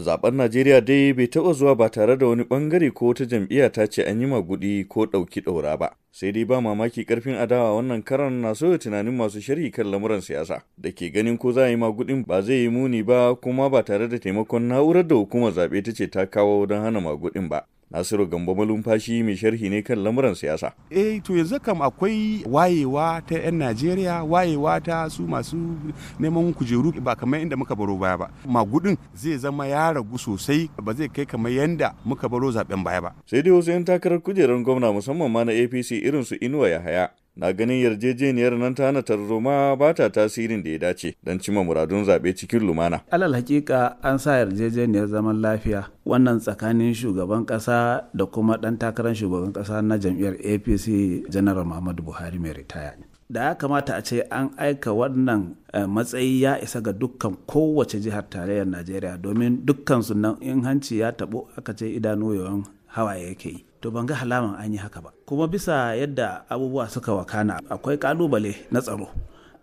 Zaben Najeriya dai bai taɓa zuwa ba tare da wani ɓangare ko wata jam'iyya ta ce an yi maguɗi ko ɗauki ɗaura ba. Sai dai ba mamaki ƙarfin adawa wannan karan na soya tunanin masu sharhi kan lamuran siyasa da ke ganin ko za a yi maguɗin ba zai yi muni ba kuma ba tare da taimakon na'urar da hukumar zaɓe ta ce ta kawo don hana maguɗin ba. Nasiru Gambo malumfashi mai sharhi ne kan lamuran siyasa. Eh to yanzu kam akwai wayewa ta 'yan Najeriya wayewa ta su masu neman kujeru ba kamar inda muka baro baya ba. Magudin zai zama ya ragu sosai ba zai kai kamar yanda muka baro zaben baya ba. Sai dai wasu 'yan takarar kujerar gwamna musamman ma na APC irin su Inuwa Yahaya na ganin yarjejeniyar nan ta hana tarzoma ba ta tasirin da ya dace don cima muradun zaɓe cikin lumana. alal hakika an sa yarjejeniyar zaman lafiya wannan tsakanin shugaban kasa da kuma ɗan takarar shugaban ƙasa na jam'iyyar apc janar muhammadu buhari mai ritaya da ya kamata a ce an aika wannan eh, matsayi ya isa ga dukkan kowace jihar tarayyar najeriya domin dukkan su nan in hanci ya taɓo aka ce idanu yawan hawaye yake yi to ban ga halaman an yi haka ba kuma bisa yadda abubuwa suka wakana akwai kalubale na tsaro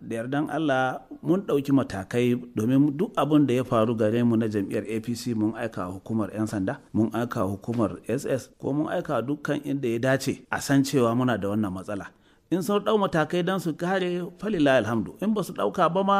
da yardan Allah mun ɗauki matakai domin duk abin da ya faru gare mu na jam'iyyar APC mun aika hukumar 'yan sanda mun aika hukumar SS ko mun aika dukkan inda ya dace a san cewa muna da wannan matsala in sun ɗau matakai don su kare falila alhamdu in ba su ɗauka ba ma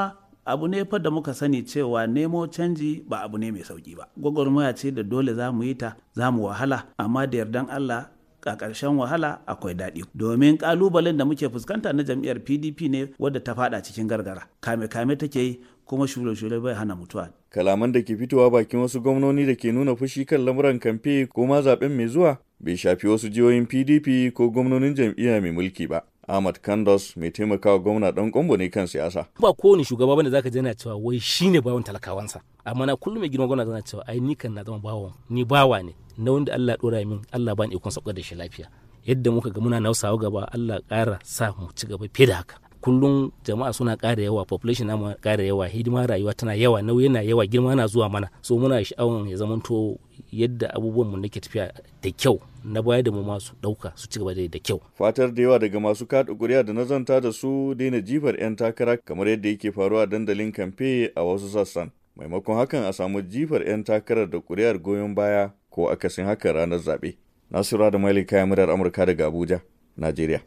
abu ne fa da muka sani cewa nemo canji ba abu ne mai sauki ba gwagwarmaya ce da dole za mu yi ta za mu wahala amma da yardan allah a ƙarshen wahala akwai daɗi domin ƙalubalen da muke fuskanta na jam'iyyar pdp ne wadda ta faɗa cikin gargara kame-kame take yi kuma shule-shule bai hana mutuwa kalaman da ke fitowa bakin wasu gwamnoni da ke nuna fushi kan lamuran kamfe ko ma zaben mai zuwa bai shafi wasu jihohin pdp ko gwamnonin jam'iyya mai mulki ba Ahmad Kandos mai taimakawa gwamna ɗan kumbu ne kan siyasa. Ba kowane shugaba bane zaka je na cewa wai shine bawan talakawansa. Amma na kullum mai girma gwamna zana cewa ai ni kan na zama bawan ni bawa ne na wanda Allah ɗora min Allah bani ikon sauƙar da shi lafiya. Yadda muka ga muna nausawa gaba Allah ƙara sa mu ci gaba fiye da haka. kullum jama'a suna ƙara yawa population na ƙara yawa hidima rayuwa tana yawa nauyi na yawa girma na zuwa mana so muna sha'awar ya zamanto yadda abubuwan mu nake tafiya da kyau na baya da mu masu su dauka su ci gaba da kyau fatar da yawa daga masu kada kuri'a da nazanta da su daina jifar yan takara kamar yadda yake faruwa dandalin kamfe a wasu sassan maimakon hakan a samu jifar yan takarar da kuri'ar goyon baya ko akasin haka ranar zaɓe nasura da malika kayan murar amurka daga abuja najeriya